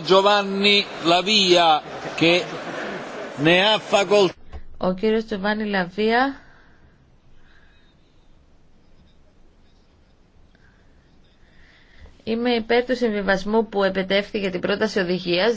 Giovanni Lavia, che ne ha facoltà. Ο κύριος Τζοβάνι Λαβία Είμαι υπέρ του συμβιβασμού που επετεύχθη για την πρόταση οδηγίας